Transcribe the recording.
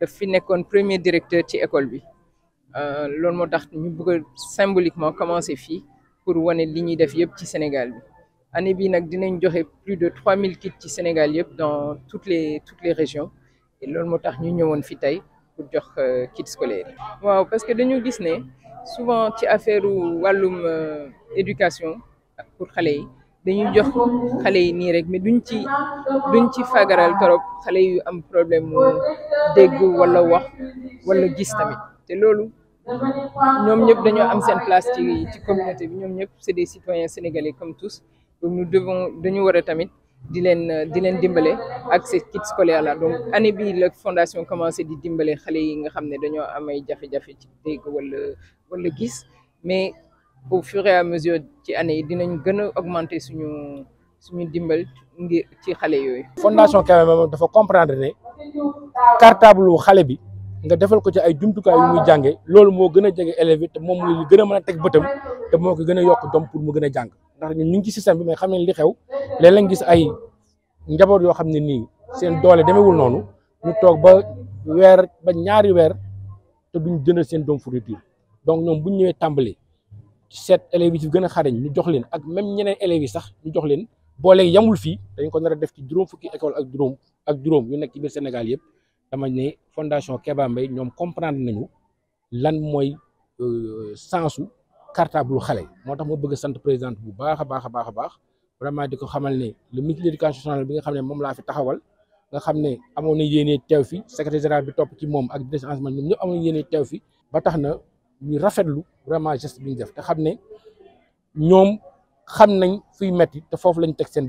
daf fi nekkoon premier directeur ci école bi euh, loolu moo tax ñu bëgg symboliquement commencé ici pour voir li ñuy def yëpp ci Sénégal bi année bi dinañ plus de 3000 kits ci Sénégal dans toutes les toutes les régions et loolu moo tax ñu ñëwoon fi pour jox euh, kits scolaires parce que dañu gis ne souvent ci affaire de euh, éducation pour les yi dañuy jox xale yi rek mais duñ ci duñ ci fagaral trop xale yu am problème dégg wala wax wala gis tamit te loolu ñoom ñëpp dañoo am seen place ci ci communauté bi ñoom ñëpp c'est des citoyens sénégalais comme tous donc nous devons dañu war a tamit di leen di leen dimbale ak ces kits scolaires là donc année bi la fondation commencé di dimbale xale yi nga xam ne dañoo am ay jafe-jafe ci dégg wala wala gis mais au fur et à mesure ci année yi dinañ gën a augmenter suñu suñu dimbal ngir ci xale yooyu. fondation Kébémer dafa comprendre ne. cartable wu xale bi nga defal ko ci ay jumtukaay yu muy jàngee loolu moo gën a jege élève yi te moom muy gën a mën a teg bëtam te moo ko gën a yokk doom pour mu gën a jàng ndax ñun ñu ngi ci système bi mais xam ne li xew gis ay njaboot yoo xam ne nii seen doole demewul noonu ñu toog ba weer ba ñaari weer te duñ jëndal seen doom fourniture donc ñoom bu ñu ñëwee tàmbali seet élèves yi ci gën a xarañ ñu jox leen ak même ñeneen élèves sax ñu jox leen boole yamul fii dañ ko nar a def ci juróom fukki école ak juróom ak juróom yu nekk ci biir Sénégal yëpp. dama fondation Keba comprendre nañu lan de euh, cartable bëgg présidente bu baax vraiment xamal le ministre de l'éducation nationale bi nga fi taxawal nga fi secrétaire général bi ci de Nous fi ba taxna ñu rafetlu vraiment geste def te ñom xamnañ fuy metti te fofu lañu tek seen